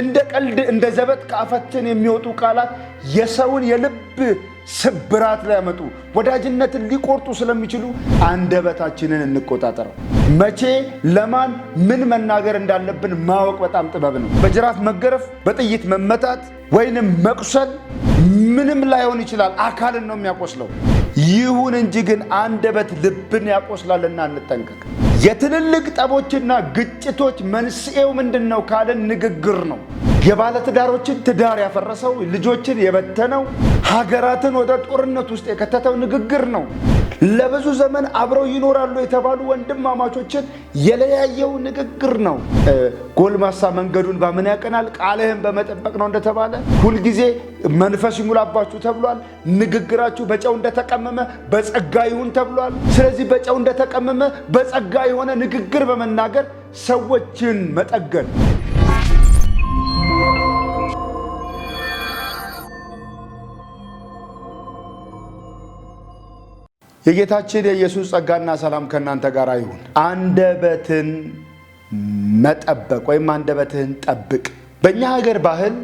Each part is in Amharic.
እንደ ቀልድ እንደ ዘበት ከአፋችን የሚወጡ ቃላት የሰውን የልብ ስብራት ሊያመጡ ወዳጅነትን ሊቆርጡ ስለሚችሉ አንደበታችንን እንቆጣጠር። መቼ ለማን ምን መናገር እንዳለብን ማወቅ በጣም ጥበብ ነው። በጅራፍ መገረፍ፣ በጥይት መመታት ወይንም መቁሰል ምንም ላይሆን ይችላል። አካልን ነው የሚያቆስለው። ይሁን እንጂ ግን አንደበት ልብን ያቆስላልና እንጠንቀቅ። የትልልቅ ጠቦችና ግጭቶች መንስኤው ምንድን ነው ካለን ንግግር ነው። የባለትዳሮችን ትዳር ያፈረሰው፣ ልጆችን የበተነው፣ ሀገራትን ወደ ጦርነት ውስጥ የከተተው ንግግር ነው። ለብዙ ዘመን አብረው ይኖራሉ የተባሉ ወንድማማቾችን የለያየው ንግግር ነው። ጎልማሳ መንገዱን በምን ያቀናል? ቃልህን በመጠበቅ ነው እንደተባለ ሁልጊዜ መንፈስ ይሙላባችሁ ተብሏል። ንግግራችሁ በጨው እንደተቀመመ በጸጋ ይሁን ተብሏል። ስለዚህ በጨው እንደተቀመመ በጸጋ የሆነ ንግግር በመናገር ሰዎችን መጠገን የጌታችን የኢየሱስ ጸጋና ሰላም ከእናንተ ጋር ይሁን። አንደበትን መጠበቅ ወይም አንደበትህን ጠብቅ። በእኛ ሀገር ባህል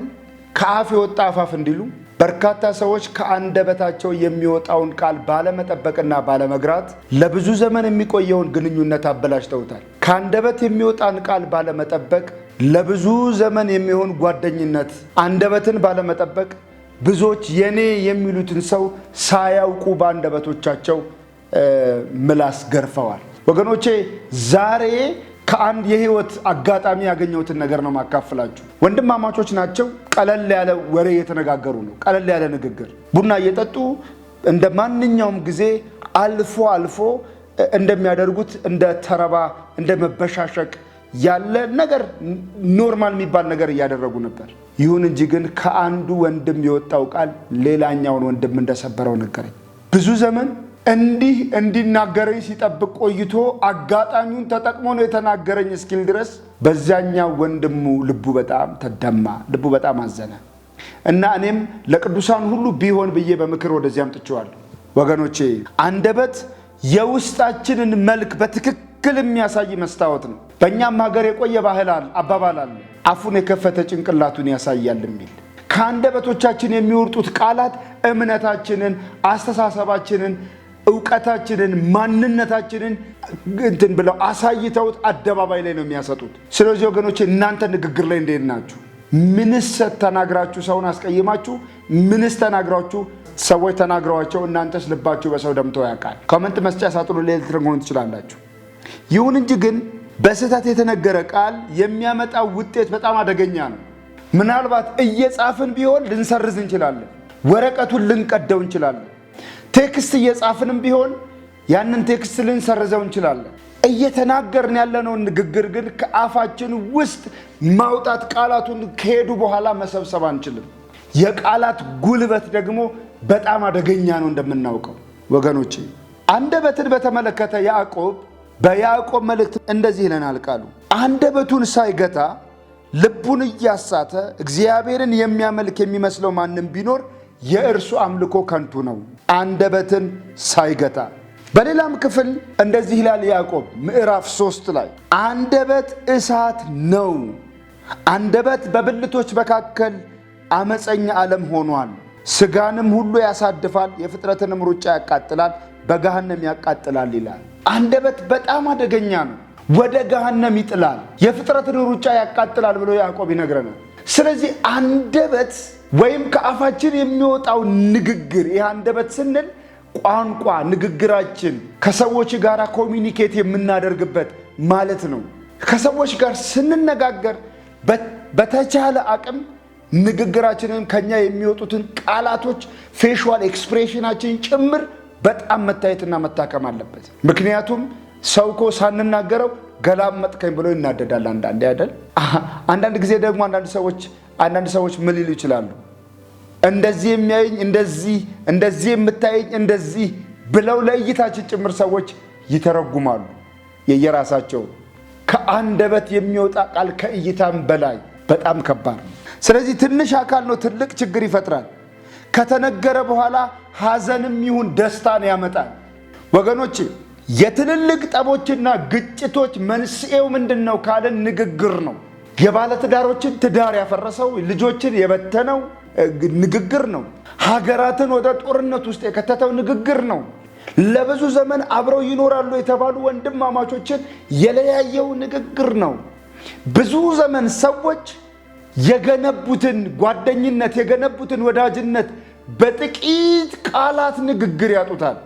ከአፍ የወጣ አፋፍ እንዲሉ በርካታ ሰዎች ከአንደበታቸው የሚወጣውን ቃል ባለመጠበቅና ባለመግራት ለብዙ ዘመን የሚቆየውን ግንኙነት አበላሽተውታል። ከአንደበት የሚወጣን ቃል ባለመጠበቅ ለብዙ ዘመን የሚሆን ጓደኝነት አንደበትን ባለመጠበቅ ብዙዎች የኔ የሚሉትን ሰው ሳያውቁ በአንደበቶቻቸው ምላስ ገርፈዋል። ወገኖቼ ዛሬ ከአንድ የህይወት አጋጣሚ ያገኘሁትን ነገር ነው ማካፍላችሁ። ወንድማማቾች ናቸው። ቀለል ያለ ወሬ እየተነጋገሩ ነው። ቀለል ያለ ንግግር፣ ቡና እየጠጡ እንደ ማንኛውም ጊዜ አልፎ አልፎ እንደሚያደርጉት እንደ ተረባ እንደ መበሻሸቅ ያለ ነገር ኖርማል የሚባል ነገር እያደረጉ ነበር። ይሁን እንጂ ግን ከአንዱ ወንድም የወጣው ቃል ሌላኛውን ወንድም እንደሰበረው ነገረኝ። ብዙ ዘመን እንዲህ እንዲናገረኝ ሲጠብቅ ቆይቶ አጋጣሚውን ተጠቅሞ ነው የተናገረኝ እስኪል ድረስ በዛኛው ወንድሙ ልቡ በጣም ተደማ፣ ልቡ በጣም አዘነ እና እኔም ለቅዱሳን ሁሉ ቢሆን ብዬ በምክር ወደዚህ አምጥቼዋለሁ። ወገኖቼ አንደበት የውስጣችንን መልክ በትክክል ትክክል የሚያሳይ መስታወት ነው። በእኛም ሀገር የቆየ ባህል አባባል አለ፣ አፉን የከፈተ ጭንቅላቱን ያሳያል የሚል ከአንደበቶቻችን የሚወርጡት ቃላት እምነታችንን፣ አስተሳሰባችንን፣ እውቀታችንን፣ ማንነታችንን እንትን ብለው አሳይተውት አደባባይ ላይ ነው የሚያሰጡት። ስለዚህ ወገኖች እናንተ ንግግር ላይ እንዴት ናችሁ? ምንስ ተናግራችሁ ሰውን አስቀይማችሁ? ምንስ ተናግራችሁ ሰዎች ተናግረዋቸው እናንተስ ልባችሁ በሰው ደምቶ ያውቃል? ኮመንት መስጫ ሳጥኑ ላይ ትችላላችሁ። ይሁን እንጂ ግን በስህተት የተነገረ ቃል የሚያመጣው ውጤት በጣም አደገኛ ነው። ምናልባት እየጻፍን ቢሆን ልንሰርዝ እንችላለን። ወረቀቱን ልንቀደው እንችላለን። ቴክስት እየጻፍንም ቢሆን ያንን ቴክስት ልንሰርዘው እንችላለን። እየተናገርን ያለነውን ንግግር ግን ከአፋችን ውስጥ ማውጣት ቃላቱን ከሄዱ በኋላ መሰብሰብ አንችልም። የቃላት ጉልበት ደግሞ በጣም አደገኛ ነው እንደምናውቀው ወገኖች አንደበትን በተመለከተ ያዕቆብ በያዕቆብ መልእክት እንደዚህ ይለናል ቃሉ። አንደበቱን ሳይገታ ልቡን እያሳተ እግዚአብሔርን የሚያመልክ የሚመስለው ማንም ቢኖር የእርሱ አምልኮ ከንቱ ነው፣ አንደበትን ሳይገታ። በሌላም ክፍል እንደዚህ ይላል ያዕቆብ ምዕራፍ ሦስት ላይ አንደበት እሳት ነው፣ አንደበት በብልቶች መካከል አመፀኛ ዓለም ሆኗል፣ ስጋንም ሁሉ ያሳድፋል፣ የፍጥረትንም ሩጫ ያቃጥላል፣ በገሃነም ያቃጥላል ይላል። አንደበት በጣም አደገኛ ነው፣ ወደ ገሃነም ይጥላል፣ የፍጥረትን ሩጫ ያቃጥላል ብሎ ያዕቆብ ይነግረናል። ስለዚህ አንደበት ወይም ከአፋችን የሚወጣው ንግግር ይህ አንደበት ስንል ቋንቋ፣ ንግግራችን ከሰዎች ጋር ኮሚኒኬት የምናደርግበት ማለት ነው። ከሰዎች ጋር ስንነጋገር በተቻለ አቅም ንግግራችንን ከኛ የሚወጡትን ቃላቶች ፌሽዋል ኤክስፕሬሽናችን ጭምር በጣም መታየትና መታከም አለበት። ምክንያቱም ሰው እኮ ሳንናገረው ገላም መጥከኝ ብሎ ይናደዳል። አንዳንድ አይደል? አንዳንድ ጊዜ ደግሞ አንዳንድ ሰዎች አንዳንድ ሰዎች ምን ሊሉ ይችላሉ? እንደዚህ የሚያየኝ እንደዚህ እንደዚህ የምታየኝ እንደዚህ ብለው ለእይታችን ጭምር ሰዎች ይተረጉማሉ። የየራሳቸው ከአንደበት የሚወጣ ቃል ከእይታም በላይ በጣም ከባድ ነው። ስለዚህ ትንሽ አካል ነው ትልቅ ችግር ይፈጥራል ከተነገረ በኋላ ሐዘንም ይሁን ደስታን ያመጣል። ወገኖች የትልልቅ ጠቦችና ግጭቶች መንስኤው ምንድን ነው ካለን ንግግር ነው። የባለትዳሮችን ትዳር ያፈረሰው፣ ልጆችን የበተነው ንግግር ነው። ሀገራትን ወደ ጦርነት ውስጥ የከተተው ንግግር ነው። ለብዙ ዘመን አብረው ይኖራሉ የተባሉ ወንድማማቾችን የለያየው ንግግር ነው። ብዙ ዘመን ሰዎች የገነቡትን ጓደኝነት የገነቡትን ወዳጅነት በጥቂት ቃላት ንግግር ያጡታል።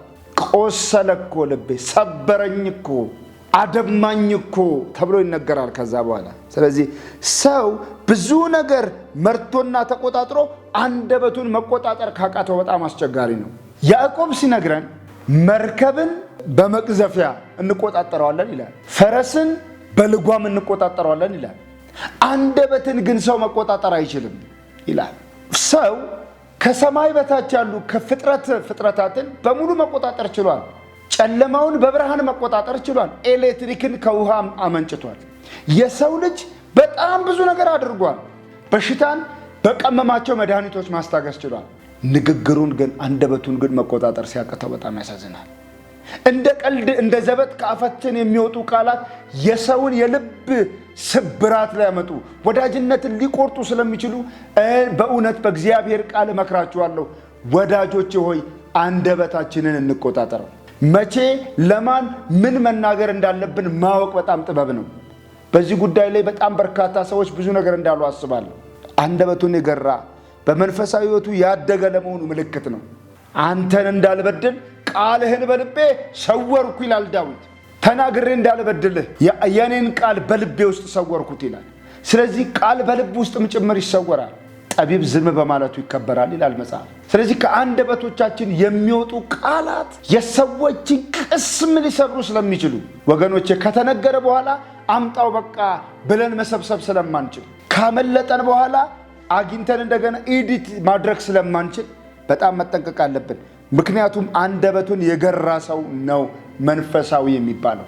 ቆሰለ እኮ ልቤ፣ ሰበረኝ እኮ፣ አደማኝ እኮ ተብሎ ይነገራል ከዛ በኋላ። ስለዚህ ሰው ብዙ ነገር መርቶና ተቆጣጥሮ አንደበቱን መቆጣጠር ካቃተው በጣም አስቸጋሪ ነው። ያዕቆብ ሲነግረን መርከብን በመቅዘፊያ እንቆጣጠረዋለን ይላል። ፈረስን በልጓም እንቆጣጠረዋለን ይላል። አንደበትን ግን ሰው መቆጣጠር አይችልም ይላል ሰው ከሰማይ በታች ያሉ ከፍጥረት ፍጥረታትን በሙሉ መቆጣጠር ችሏል። ጨለማውን በብርሃን መቆጣጠር ችሏል። ኤሌክትሪክን ከውሃ አመንጭቷል። የሰው ልጅ በጣም ብዙ ነገር አድርጓል። በሽታን በቀመማቸው መድኃኒቶች ማስታገስ ችሏል። ንግግሩን ግን አንደበቱን ግን መቆጣጠር ሲያቅተው በጣም ያሳዝናል። እንደ ቀልድ እንደ ዘበት ከአፋችን የሚወጡ ቃላት የሰውን የልብ ስብራት ሊያመጡ ወዳጅነትን ሊቆርጡ ስለሚችሉ በእውነት በእግዚአብሔር ቃል እመክራችኋለሁ፣ ወዳጆቼ ሆይ አንደበታችንን እንቆጣጠር። መቼ ለማን ምን መናገር እንዳለብን ማወቅ በጣም ጥበብ ነው። በዚህ ጉዳይ ላይ በጣም በርካታ ሰዎች ብዙ ነገር እንዳሉ አስባለሁ። አንደበቱን የገራ በመንፈሳዊ ሕይወቱ ያደገ ለመሆኑ ምልክት ነው። አንተን እንዳልበድል ቃልህን በልቤ ሰወርኩ ይላል ዳዊት። ተናግሬ እንዳልበድልህ የኔን ቃል በልቤ ውስጥ ሰወርኩት ይላል። ስለዚህ ቃል በልብ ውስጥም ጭምር ይሰወራል። ጠቢብ ዝም በማለቱ ይከበራል ይላል መጽሐፍ። ስለዚህ ከአንደበቶቻችን የሚወጡ ቃላት የሰዎችን ቅስም ሊሰብሩ ስለሚችሉ ወገኖቼ፣ ከተነገረ በኋላ አምጣው በቃ ብለን መሰብሰብ ስለማንችል፣ ካመለጠን በኋላ አግኝተን እንደገና ኢዲት ማድረግ ስለማንችል በጣም መጠንቀቅ አለብን። ምክንያቱም አንደበቱን የገራ ሰው ነው መንፈሳዊ የሚባለው።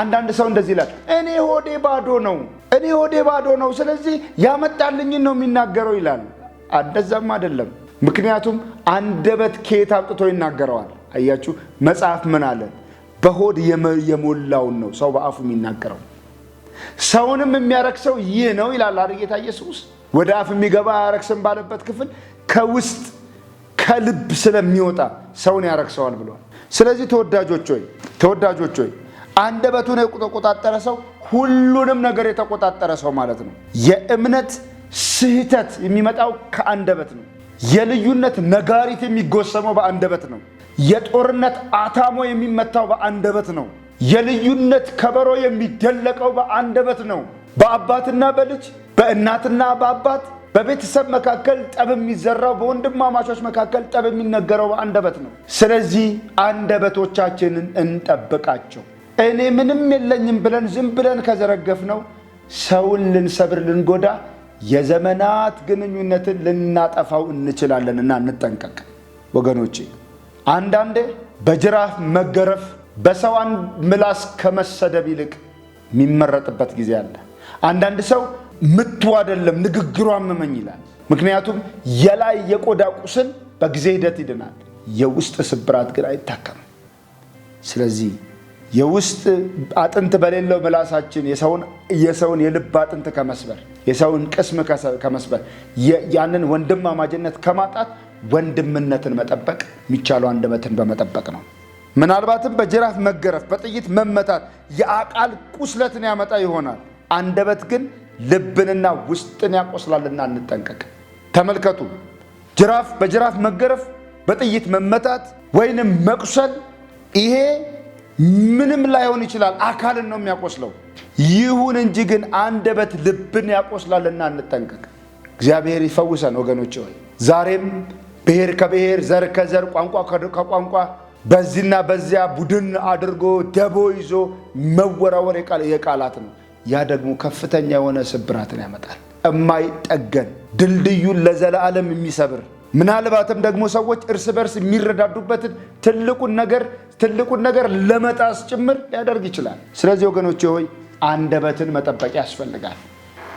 አንዳንድ ሰው እንደዚህ ይላል፣ እኔ ሆዴ ባዶ ነው፣ እኔ ሆዴ ባዶ ነው፣ ስለዚህ ያመጣልኝን ነው የሚናገረው ይላል። እንደዛም አይደለም። ምክንያቱም አንደበት ከየት አምጥቶ ይናገረዋል? አያችሁ፣ መጽሐፍ ምን አለ? በሆድ የሞላውን ነው ሰው በአፉ የሚናገረው። ሰውንም የሚያረክሰው ይህ ነው ይላል አይደል ጌታ ኢየሱስ። ወደ አፍ የሚገባ አያረክስም ባለበት ክፍል ከውስጥ ከልብ ስለሚወጣ ሰውን ያረክሰዋል ብሏል። ስለዚህ ተወዳጆች ሆይ ተወዳጆች ሆይ አንደበቱን የተቆጣጠረ ሰው ሁሉንም ነገር የተቆጣጠረ ሰው ማለት ነው። የእምነት ስህተት የሚመጣው ከአንደበት ነው። የልዩነት ነጋሪት የሚጎሰመው በአንደበት ነው። የጦርነት አታሞ የሚመታው በአንደበት ነው። የልዩነት ከበሮ የሚደለቀው በአንደበት ነው። በአባትና በልጅ በእናትና በአባት በቤተሰብ መካከል ጠብ የሚዘራው በወንድማማቾች መካከል ጠብ የሚነገረው በአንደበት ነው። ስለዚህ አንደበቶቻችንን እንጠብቃቸው። እኔ ምንም የለኝም ብለን ዝም ብለን ከዘረገፍ ነው ሰውን ልንሰብር፣ ልንጎዳ፣ የዘመናት ግንኙነትን ልናጠፋው እንችላለንና እንጠንቀቅ ወገኖቼ። አንዳንዴ በጅራፍ መገረፍ በሰዋን ምላስ ከመሰደብ ይልቅ የሚመረጥበት ጊዜ አለ። አንዳንድ ሰው ምቱ አይደለም ንግግሯ አመመኝ ይላል። ምክንያቱም የላይ የቆዳ ቁስል በጊዜ ሂደት ይድናል፣ የውስጥ ስብራት ግን አይታከምም። ስለዚህ የውስጥ አጥንት በሌለው ምላሳችን የሰውን የልብ አጥንት ከመስበር የሰውን ቅስም ከመስበር ያንን ወንድማማጅነት ከማጣት ወንድምነትን መጠበቅ የሚቻለው አንደበትን በመጠበቅ ነው። ምናልባትም በጅራፍ መገረፍ፣ በጥይት መመታት የአቃል ቁስለትን ያመጣ ይሆናል። አንደበት ግን ልብንና ውስጥን ያቆስላልና እንጠንቀቅ። ተመልከቱ፣ ጅራፍ በጅራፍ መገረፍ፣ በጥይት መመታት ወይንም መቁሰል፣ ይሄ ምንም ላይሆን ይችላል፣ አካልን ነው የሚያቆስለው። ይሁን እንጂ ግን አንደበት ልብን ያቆስላልና እንጠንቀቅ። እግዚአብሔር ይፈውሰን ወገኖች ሆይ ዛሬም ብሔር ከብሔር ዘር ከዘር ቋንቋ ከቋንቋ በዚህና በዚያ ቡድን አድርጎ ደቦ ይዞ መወራወር የቃላት ነው። ያ ደግሞ ከፍተኛ የሆነ ስብራትን ያመጣል። እማይጠገን ድልድዩን ለዘላለም የሚሰብር ምናልባትም ደግሞ ሰዎች እርስ በርስ የሚረዳዱበትን ትልቁን ነገር ትልቁን ነገር ለመጣስ ጭምር ሊያደርግ ይችላል። ስለዚህ ወገኖች ሆይ አንደበትን መጠበቅ ያስፈልጋል።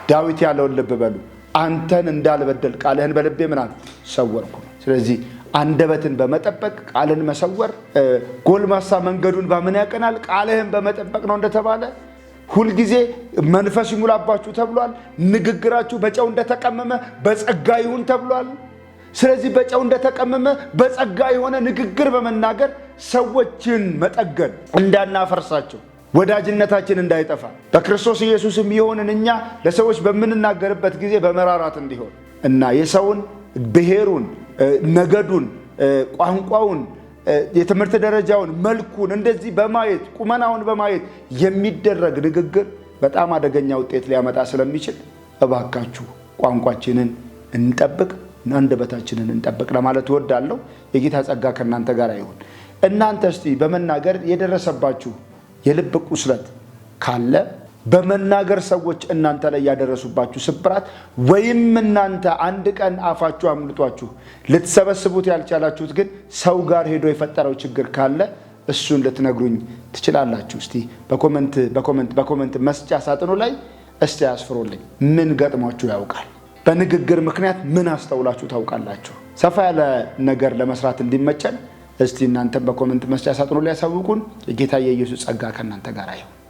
ዳዊት ያለውን ልብ በሉ። አንተን እንዳልበደል ቃልህን በልቤ ምናል ሰወርኩ። ስለዚህ አንደበትን በመጠበቅ ቃልን መሰወር ጎልማሳ መንገዱን በምን ያቀናል? ቃልህን በመጠበቅ ነው እንደተባለ ሁልጊዜ መንፈስ ይሙላባችሁ ተብሏል። ንግግራችሁ በጨው እንደተቀመመ በጸጋ ይሁን ተብሏል። ስለዚህ በጨው እንደተቀመመ በጸጋ የሆነ ንግግር በመናገር ሰዎችን መጠገን እንዳናፈርሳቸው ወዳጅነታችን እንዳይጠፋ በክርስቶስ ኢየሱስም የሆንን እኛ ለሰዎች በምንናገርበት ጊዜ በመራራት እንዲሆን እና የሰውን ብሔሩን፣ ነገዱን፣ ቋንቋውን የትምህርት ደረጃውን መልኩን እንደዚህ በማየት ቁመናውን በማየት የሚደረግ ንግግር በጣም አደገኛ ውጤት ሊያመጣ ስለሚችል እባካችሁ ቋንቋችንን እንጠብቅ፣ አንደበታችንን እንጠብቅ ለማለት እወዳለሁ። የጌታ ጸጋ ከእናንተ ጋር ይሁን። እናንተ እስቲ በመናገር የደረሰባችሁ የልብ ቁስለት ካለ በመናገር ሰዎች እናንተ ላይ ያደረሱባችሁ ስብራት ወይም እናንተ አንድ ቀን አፋችሁ አምልጧችሁ ልትሰበስቡት ያልቻላችሁት ግን ሰው ጋር ሄዶ የፈጠረው ችግር ካለ እሱን ልትነግሩኝ ትችላላችሁ። እስቲ በኮመንት በኮመንት በኮመንት መስጫ ሳጥኑ ላይ እስቲ ያስፍሩልኝ። ምን ገጥሟችሁ ያውቃል? በንግግር ምክንያት ምን አስተውላችሁ ታውቃላችሁ? ሰፋ ያለ ነገር ለመስራት እንዲመቸን እስቲ እናንተ በኮመንት መስጫ ሳጥኑ ላይ ያሳውቁን። የጌታ የኢየሱስ ጸጋ ከእናንተ ጋር ይሁን።